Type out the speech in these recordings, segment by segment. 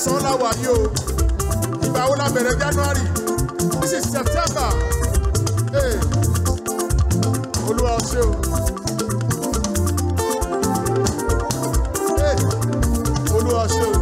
kẹsàn-án la o ìgbà wo la bẹ̀rẹ̀ January this is September hey. olúwa ọ̀ṣẹ́ o. Hey. olúwa ọ̀ṣẹ́ o.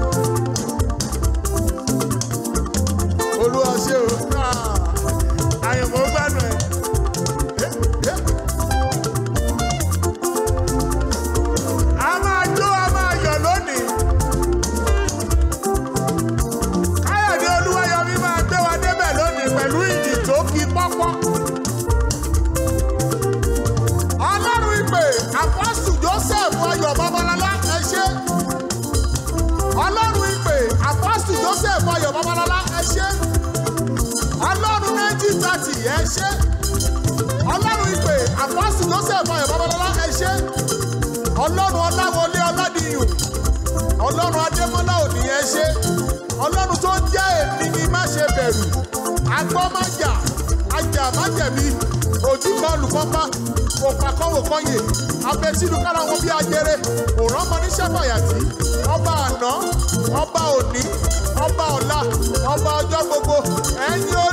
ẹ̀rù agbọ́ má jà ajá má jẹ̀bi ojú kan olùkọ́pá òpàkọ́wò kọ́yè abẹ́sílù kára wọn bí ajere òrán mọ níṣẹ́ fàyàtì ọba àná ọba òní ọba ọ̀la ọba ọjọ́ gbogbo ẹ̀yin o.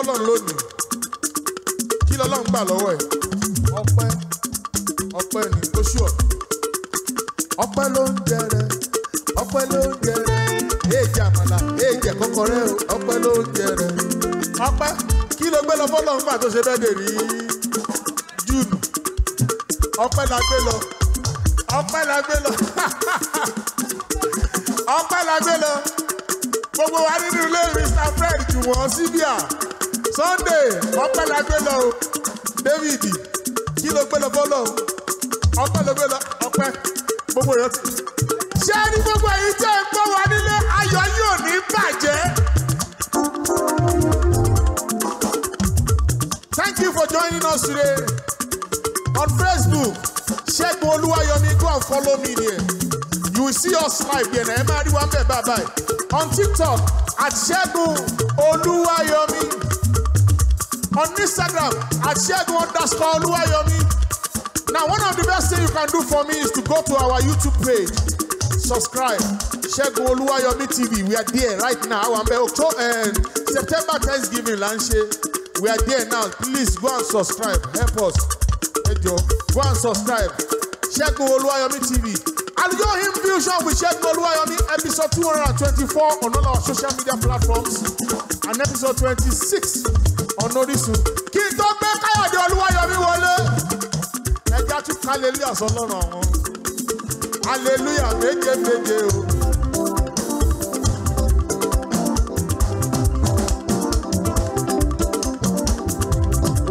Ọlọ́run lónìí kí lọ́lọ́run gbà lọ́wọ́ ẹ̀ ọpẹ́ ọpẹ́ ni ó ṣù ọ́ ọpẹ́ ló ń jẹrẹ ọpẹ́ ló ń jẹrẹ èèjẹ àmàlà èèjẹ kọ́kọ́rẹ́ o ọpẹ́ ló ń jẹrẹ ọpẹ́ kí ló gbé lọ fọ́lọ́run gbà tó ṣe bẹ́ẹ̀ dè rí júùnù ọpẹ́ la gbé lọ ọpẹ́ la gbé lọ ọpẹ́ la gbé lọ gbogbo wa nínú ilé Mr Fred Juwon Sibia. Sunday ọpẹ́ la gbé lọ o David kí ló gbé lọ fọlọ o ọpẹ́ ló gbé lọ ọpẹ́ gbogbo rẹ ti. ṣé ní gbogbo èyí tẹ́ ẹ gbọ́ wa nílé ayọ̀ yóò ní bàjẹ́. Thank you for joining us today on Facebook Ṣẹ́gun Olúwayọ̀mí go and follow me there you will see us live there na ẹ máa rí wa bẹ́ẹ̀ bye bye on TikTok at Ṣẹ́gun Olúwayọ̀mí on Instagram at Segun underscore Oluwayomi. Now, one of the best things you can do for me is to go to our YouTube page, subscribe, Segun Oluwayomi TV. We are there right now. Our October eh, September Thanksgiving lanche. We are there now. Please go and subscribe. Help us. Go and subscribe. Segun Oluwayomi TV. Algorithm Fusion with Segun Oluwayomi, episode 224 on all our social media platforms, and episode 26 ọ̀nọ́rísun kí n tó gbé káyọ̀dé olúwayọ̀mí wọlé ẹja tún kálẹ̀lẹ́ àsọlọ́run àwọn aleluya méje méje o.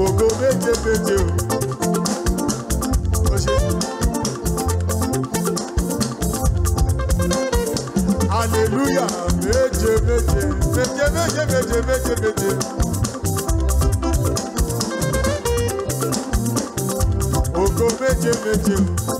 ògo méje méje o. aleluya méje méje méje méje méje méje méje. meche meche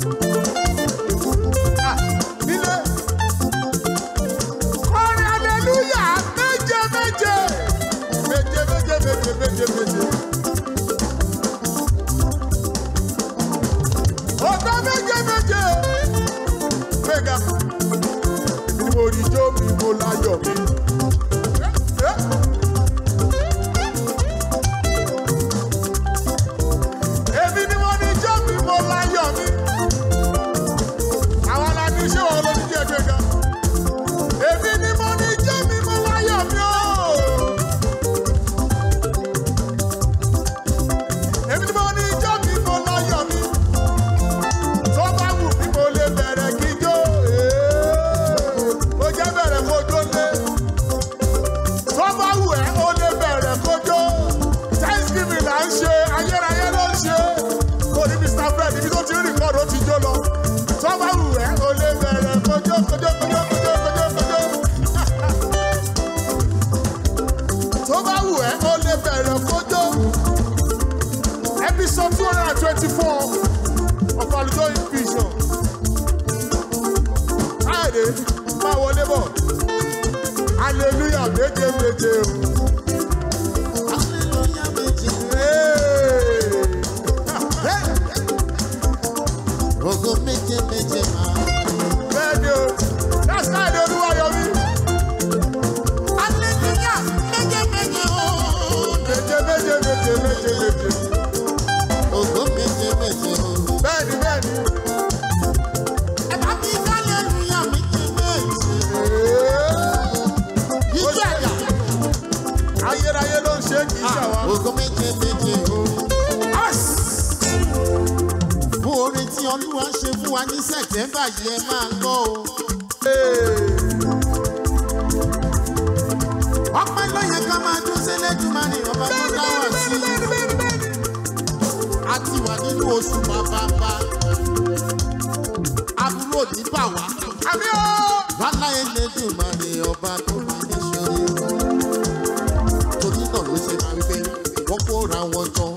jẹjẹjẹjẹ o. olúwa ṣe fún wa ní sẹ̀tẹ́mbà yìí ẹ máa gbọ́ o. ọpẹ́ ló ká máa dún sílẹ̀ jùmọ̀ ní ọba tó dá sí i. a ti wà nínú oṣù bàbàbà àbúrò ní bàwá. bàlá Ẹlẹ́dùmarè ní ọba tó bá ní ṣeré. torí náà ló ṣe máa ń gbé wọ́n kó ra wọn jọ.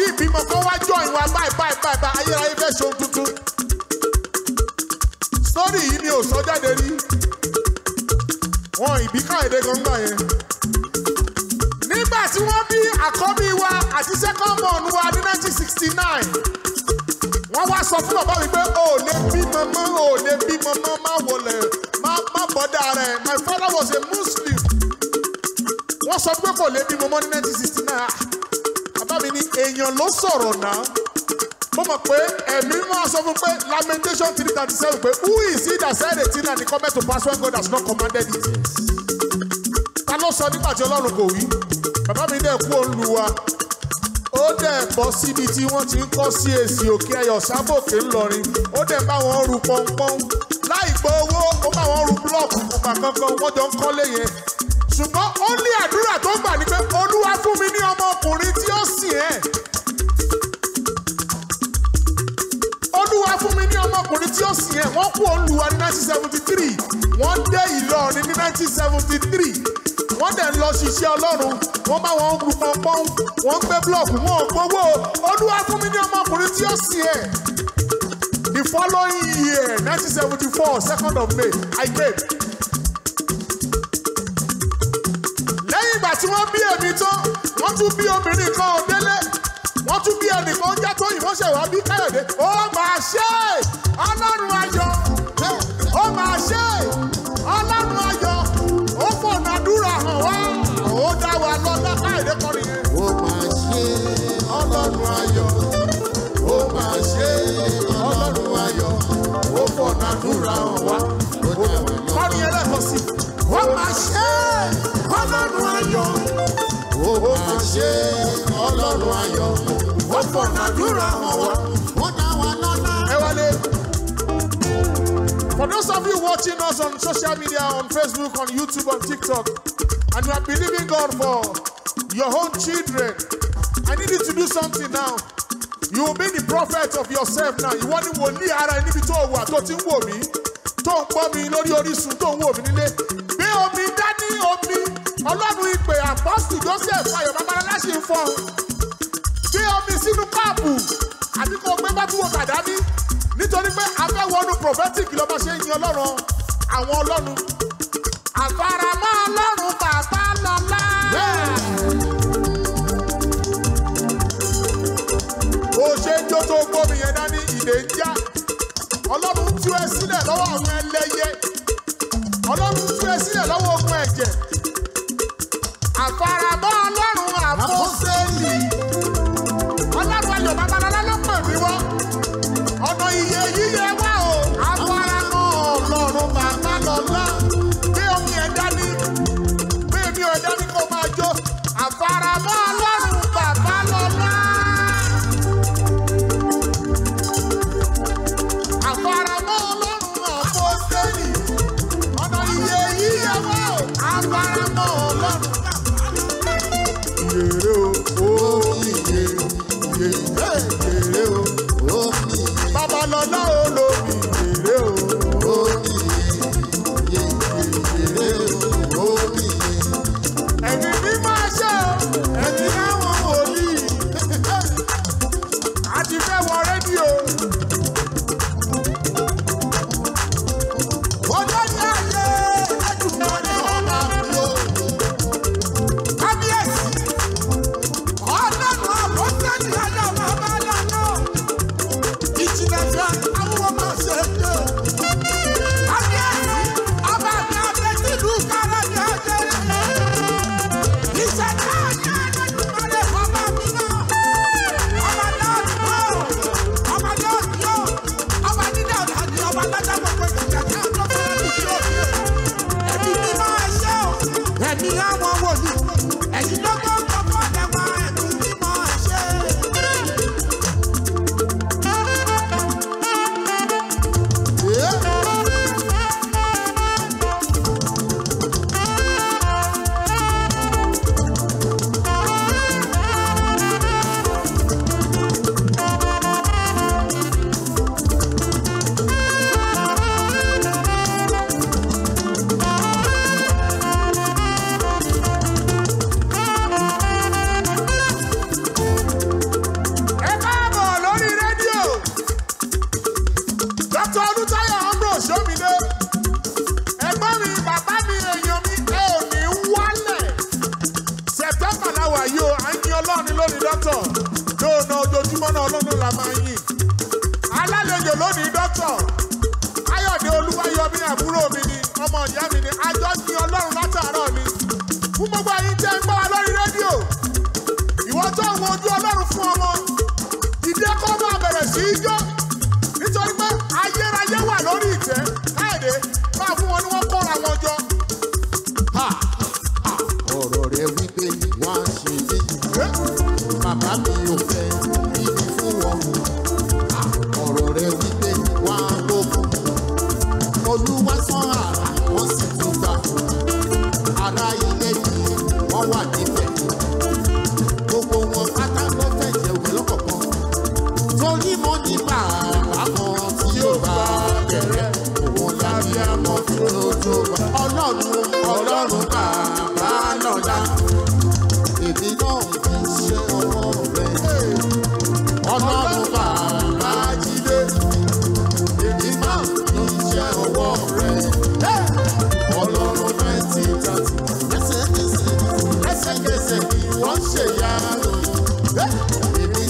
tí ìbímọ kan wá jọ ìwà báyìí báyìí báyìí báyìí ayérayé fẹ́ ṣohun tuntun sórí yìí ni ò sọ jáde rí wọn ìbí káyọ̀dé gbọ̀ngàn yẹn nígbà tí wọ́n bí àkọ́bí wa àti second wa ní 1969 wọ́n wá sọ fún bàbá mi pé ò lè bí mọ́mọ́ ò lè bí mọ́mọ́ má wọlé má bọ́dà rẹ̀ my father was a Muslim wọ́n sọ pé kò lè bí mọ́mọ́ ní 1969 bàbá mi ni èèyàn ló sọ̀rọ̀ náà mo mọ̀ pé ẹ̀mí máa sọ fún pé lamentation three thirty seven pé who is he that said it? thing and he come to pass when God has not commanded it. ta ló sọ nígbà tí ọlọ́run kò wí bàbá mi dẹ̀ kú òun lu wa ó dẹ̀ bọ́ síbi tí wọ́n ti ń kọ́ sí èsì òkè ayọ̀ sábòkè ńlọrin ó dẹ̀ bá wọn rú pọ́npọ́n láì gbọ́ owó ó bá wọn rú búlọ́ọ̀kù kọ̀ọ̀kan kankan wọ́n jọ ń kọ́lé yẹn ṣùgbọ́n ó ní àdúrà tó gbà ní pé 1973. seventy three wọ́n dé Ìlọrin ní 1973. seventy three wọ́n dẹ̀ ń lọ ṣiṣẹ́ Ọlọ́run wọ́n bá wọn gùn pọ́npọ́n wọ́n ń gbé búlọ̀kù wọn ò gbowó Olúwa fún mi ní ọmọkùnrin tí ó sì ẹ̀. The following year 1974, second of May I gave. lẹ́yìn ìgbà tí wọ́n bí èmi tán wọ́n tún bí obìnrin kan Délé wọ́n tún bí ẹnìkan jẹ́ Tóyìn wọ́n ṣẹ̀wá bí Káyọ̀dé ó máa ṣe é Ọlọ́run ayọ̀ ṣe ọlọ́run ayọ̀ ó fọ̀nà àdúrà hàn wá ó dá wa lọ́lá káìdé kọrin yẹn. ó máa ṣe ọlọ́run ayọ̀ ó máa ṣe ọlọ́run ayọ̀ ó fọ̀nà àdúrà hàn wá hàn wá. For those of you watching us on social media, on Facebook, on YouTube, on TikTok, and you are believing God for your own children, I need you to do something now. You will be the prophet of yourself now. Ìwọ ni to ara ẹni níbi tó wà tó ti ń wò Talk to me, gbọ́ mi lórí Orísun, tó ń wò mí nílé. Gbé omi dání omi, Ọlọ́run ìpè àpọ́sù Joseph Ayọ̀ Babalọ́lá ṣì ń fọ́. Gbé omi sínú páàpù, àbí kò gbé bá tún wo bàdá ní nítorí pé afẹ́wọ́nù prophetic lọ́ba ṣe ń yan ọlọ́run àwọn ọlọ́run. àfaramọ́ ọlọ́run bàbá lọ́lá. ó ṣe ń jó tó gómi yẹn dání ìdè ń já ọlọ́run tú ẹ sílẹ̀ lọ́wọ́ àwọn ẹlẹ́yẹ ọlọ́run tú ẹ sílẹ̀ lọ́wọ́. òye yeah, o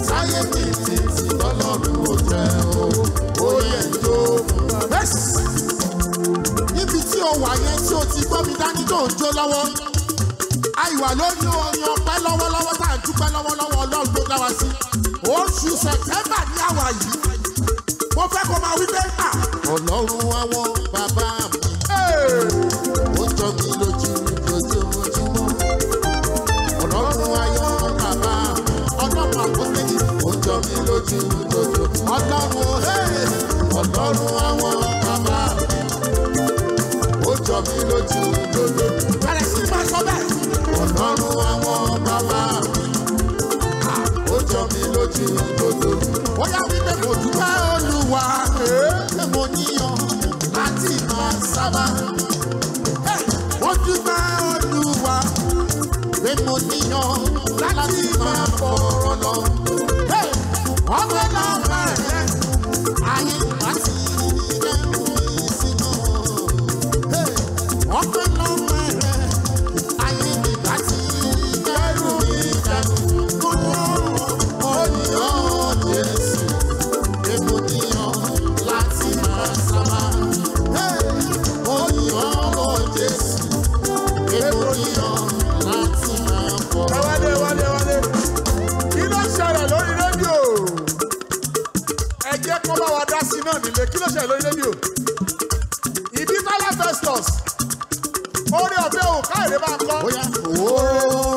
sáyé títí tọ́lọ́run kò tẹ o ó yẹ tó níbi tí o wà yẹn tí o ti gbọ́ mi dání tó ń jó lọ́wọ́ àìwà lórí orin ọpẹ́ lọ́wọ́lọ́wọ́ tá à ń dúpẹ́ lọ́wọ́lọ́wọ́ ọlọ́run tó dá wa sí oṣù sẹ̀tẹ́mbà ní àwà yìí mo fẹ́ kó máa wí pé ah, ọlọ́run àwọn bàbá mi ó jọ mi. lójú lójú ọlọ́run òhè ọlọ́run àwọn bàbá ó jọ mí lójú lójú. bẹ̀rẹ̀ sí máa sọ bẹ́ẹ̀. ọlọ́run àwọn bàbá ó jọ mí lójú lójú. ó yá wípé mo dúpẹ́ olúwa pé mo níyàn láti máa sábà. mo dúpẹ́ olúwa pé mo níyàn láti. kọ́ bá wa dá sí náà nílé kí ló ṣe lórí rédíò ìdí tọ́lá festus orí ọ̀bẹ òǹkà èrè máa kọ́.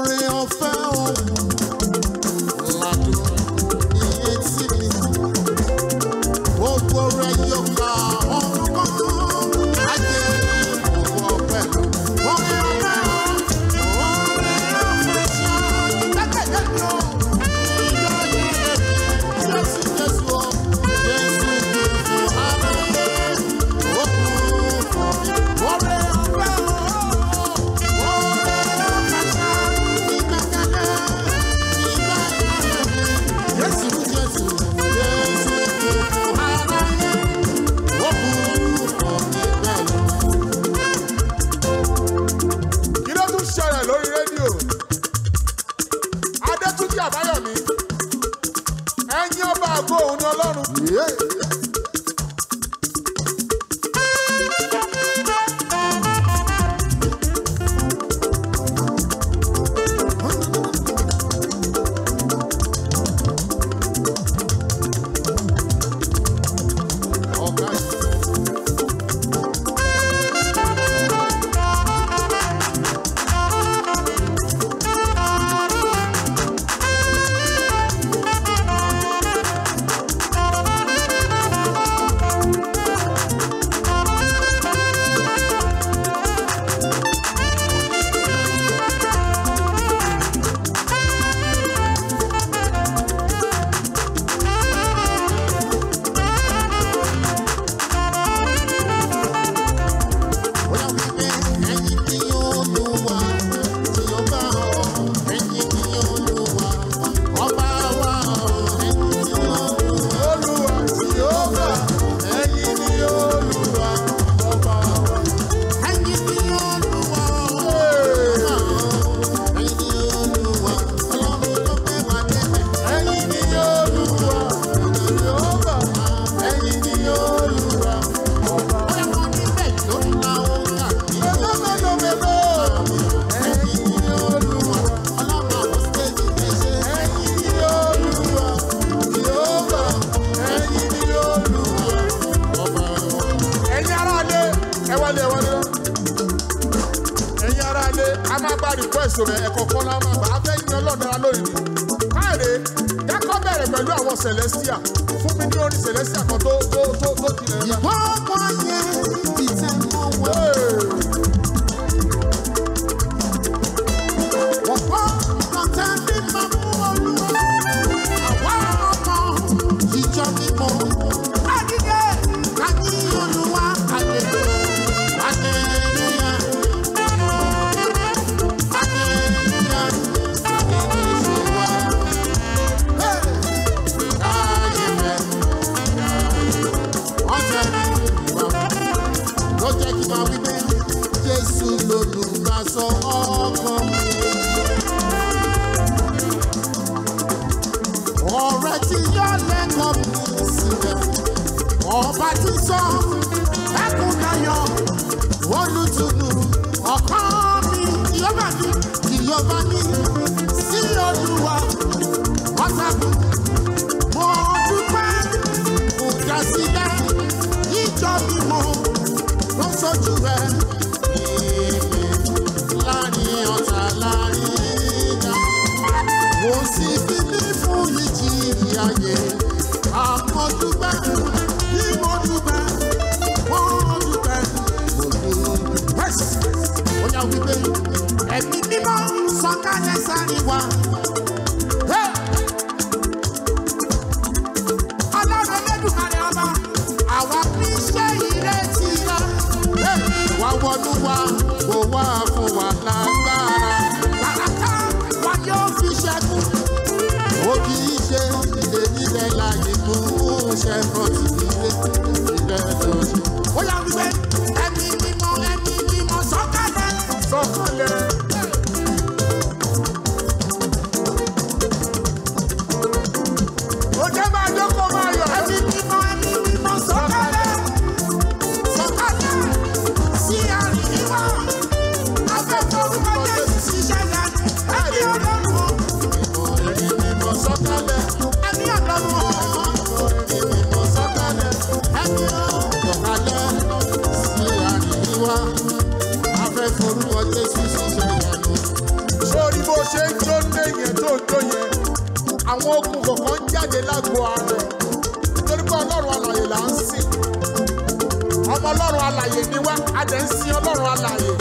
ń sin ọlọ́run alààyè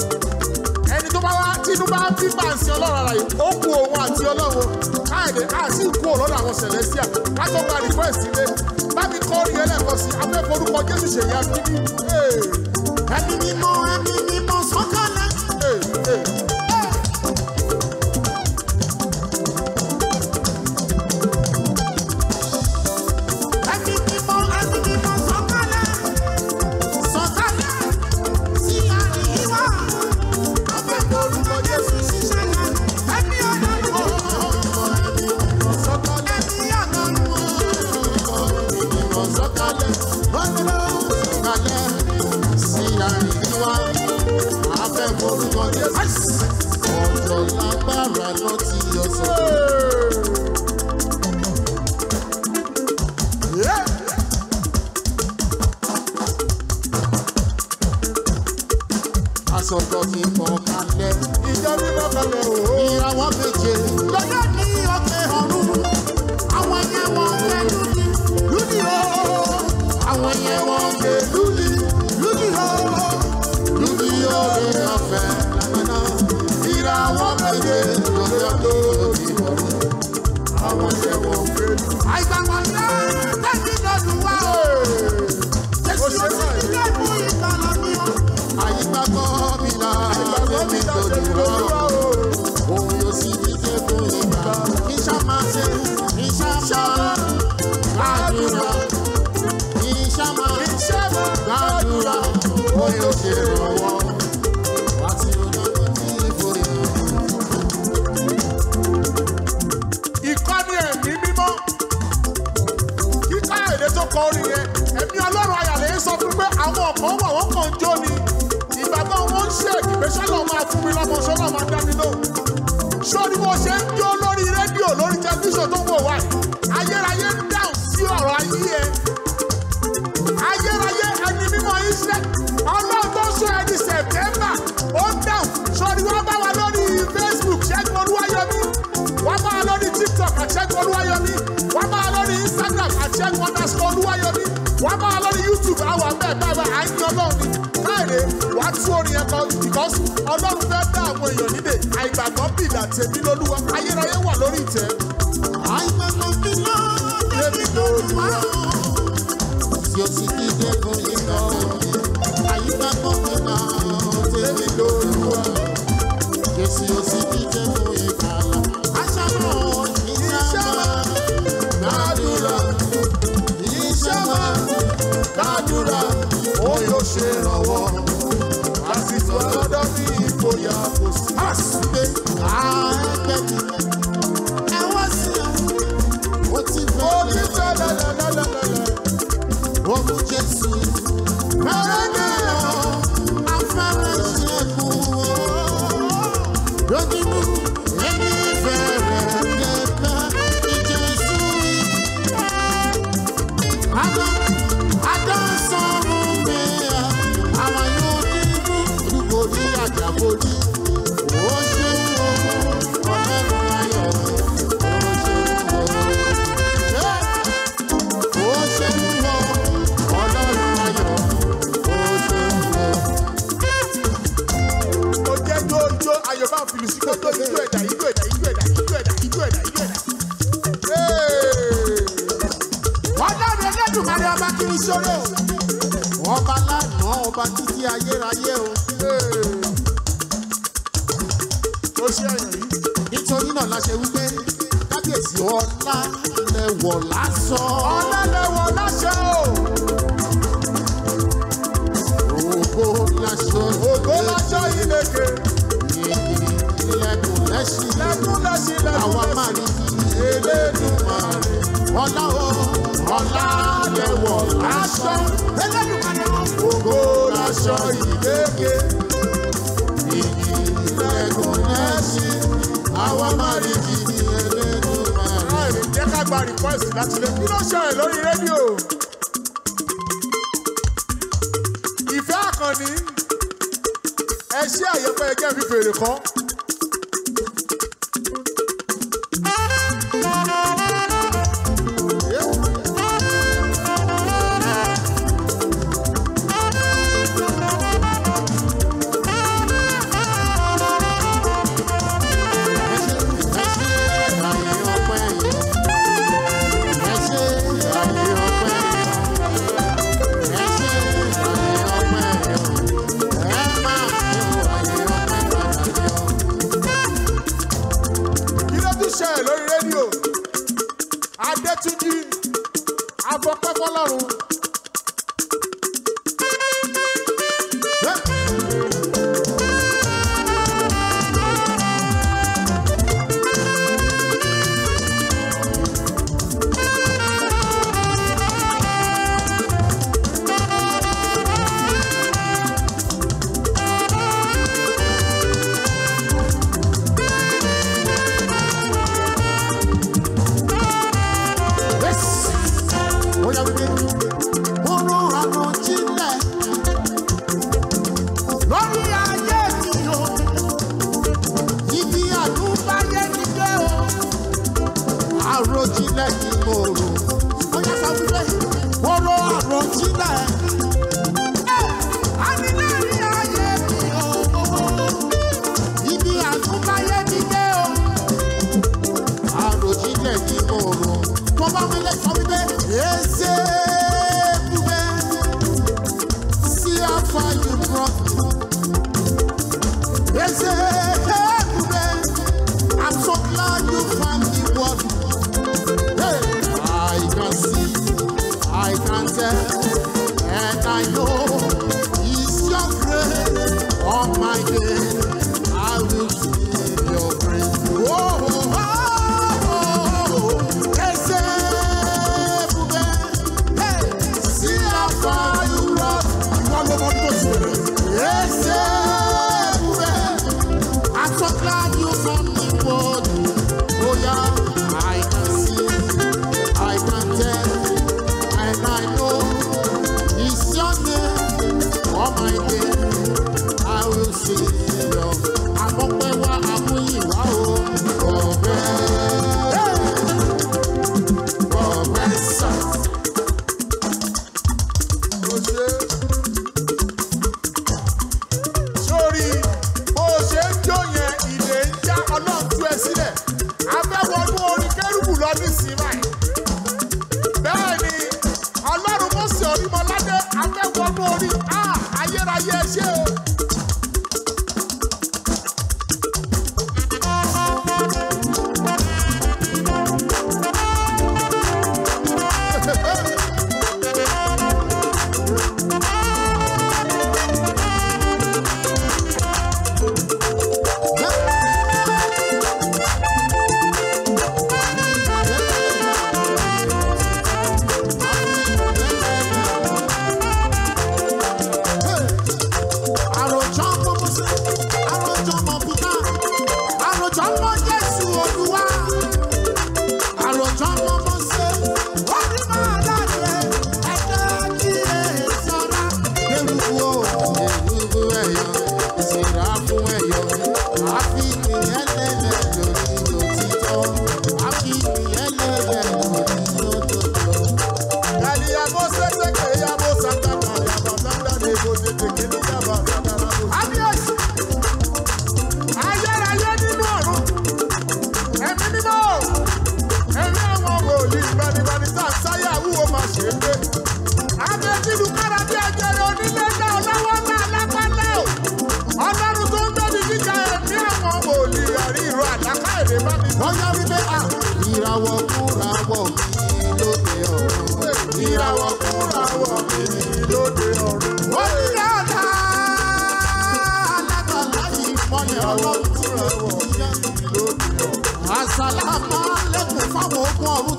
ẹni tó bá wá tínú bá bí bá ń sin ọlọ́run alààyè ó kú òun àti ọlọ́run káàdé àti ìkú òlọ́dọ̀ àwọn celestial látó gba request ilé bá mi kọ́ orin ẹlẹ́kọ̀ọ́ sí jésù ṣèyí akíní ẹni ní ló ti yọ sọ. because ọlọ́run fẹ́ bá àwọn èèyàn níbẹ̀ àìgbàgbọ́ bìlà tèmi lólúwa ayérayé wà lórí ìtẹ́. àìgbàgbọ́ bìlà tèmi lólúwa tí ó sì kí dẹ́kun iná àìgbàgbọ́ bìlà tèmi lólúwa tí ó sì kí dẹ́kun ìkàlà aṣáájú ìṣàmà gbàdúrà ìṣàmà gbàdúrà ó yóò ṣèrànwọ́ odò ọlọ́dọ́ ní ìgboyà kò sí. àṣìgbé àẹ́gbẹ́ mi. ẹ wá sí àwọn mo ti fẹ́. ó ayọ̀ bá fi mi sí kó tó igbó ẹ̀dá igbó ẹ̀dá igbó ẹ̀dá igbó ẹ̀dá igbó ẹ̀dá títí ayé Elédùmarè ọlá o ọlá ẹ ṣé àyẹ̀pẹ́ ẹgẹ́ fi fèrè kan.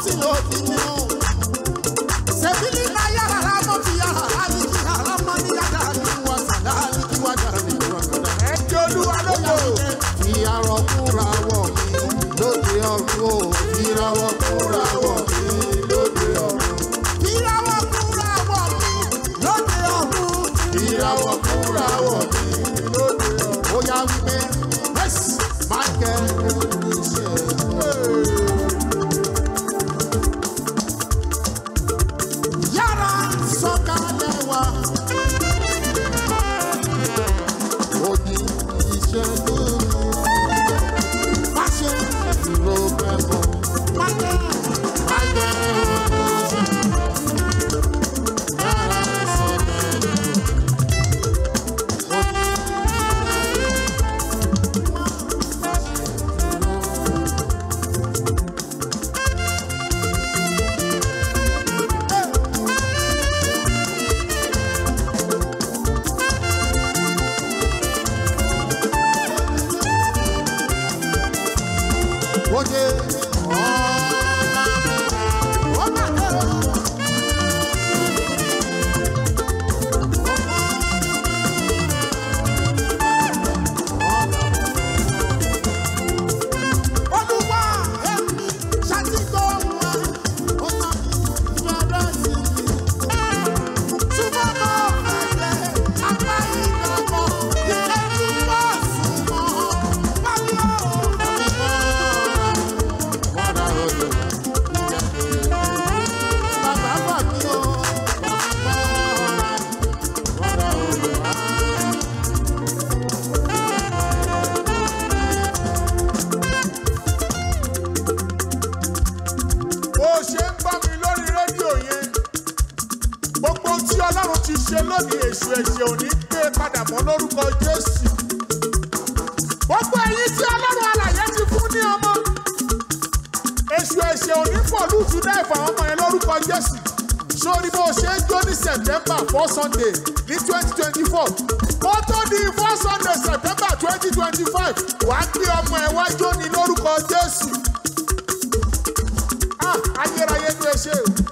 nothing, nothing. tí ọlọ́run ti ṣe lónìí èṣù ẹ̀ṣẹ̀ ò ní gbé padà mọ́ lórúkọ jésù. gbogbo ẹ̀yin tí ọlọ́run alàyè ti fún ní ọmọ èṣù ẹ̀ṣẹ̀ ò ní pọ̀ lùtù dẹ́ẹ̀fà ọmọ yẹn lórúkọ jésù. sórí bó ṣe ń jó ní september four sunday ní twenty twenty four ó tó di four sunday september twenty twenty five wàá gbé ọmọ ẹ wá jó ní lórúkọ jésù. Ah, ayérayé ni ẹ ṣe o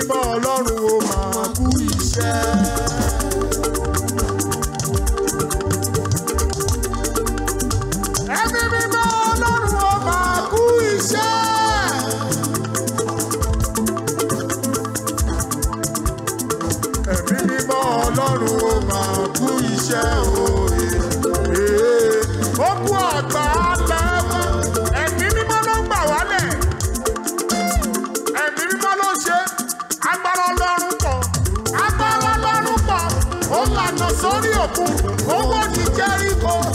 mímọ́ ọlọ́run ó máa kú iṣẹ́. ẹ̀mí mímọ́ ọlọ́run ó máa kú iṣẹ́. ẹ̀mí mímọ́ ọlọ́run ó máa kú iṣẹ́ òye. ó kú ọ̀rọ̀. dr olùkáyọ̀ ọ̀hún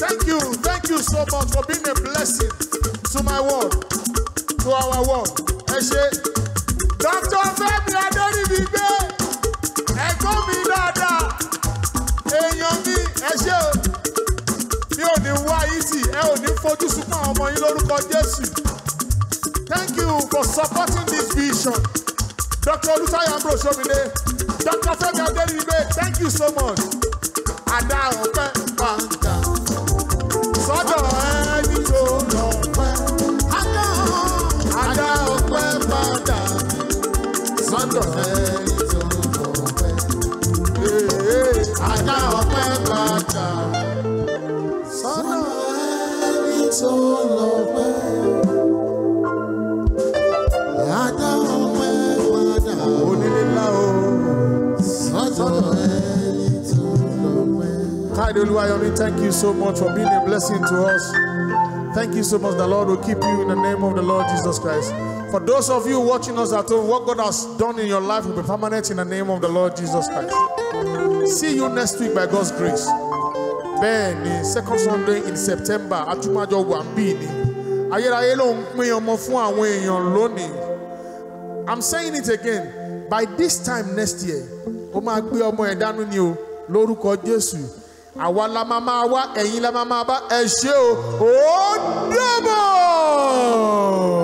Thank you, thank you so much for being a blessing to my world, to our world. Ẹ ṣé. Dr. Fẹ́mi fún yín lórúkọ Jésù. Thank you for supporting this vision. Dr. Olutayo Ambrose Omide, Dr. Femi Adeniyibe, thank you so much. Ada Ope Àdá ọ̀pẹ pàǹdà. Sọ́dọ̀ ẹni Ada lọ pẹ́. Àdá ọ̀pẹ pàǹdà. Sọ́dọ̀ ẹni tó lọ pẹ́. Ada Ope pàǹdà. thank you so much for being a blessing to us. Thank you so much. The Lord will keep you in the name of the Lord Jesus Christ. For those of you watching us at home, what God has done in your life will be permanent in the name of the Lord Jesus Christ. See you next week by God's grace. bẹ́ẹ̀ second sunday in september atúmọ̀jọ wà ń bì ní ayérayé ló ń pín ọmọ fún àwọn èèyàn lónìí i'm saying it again by this time next year ó máa gbé ọmọ ẹ̀ dánú ni o lórúkọ jésù àwa la máa máa wá ẹ̀yin la máa máa bá ẹ ṣé o ó dàbọ̀.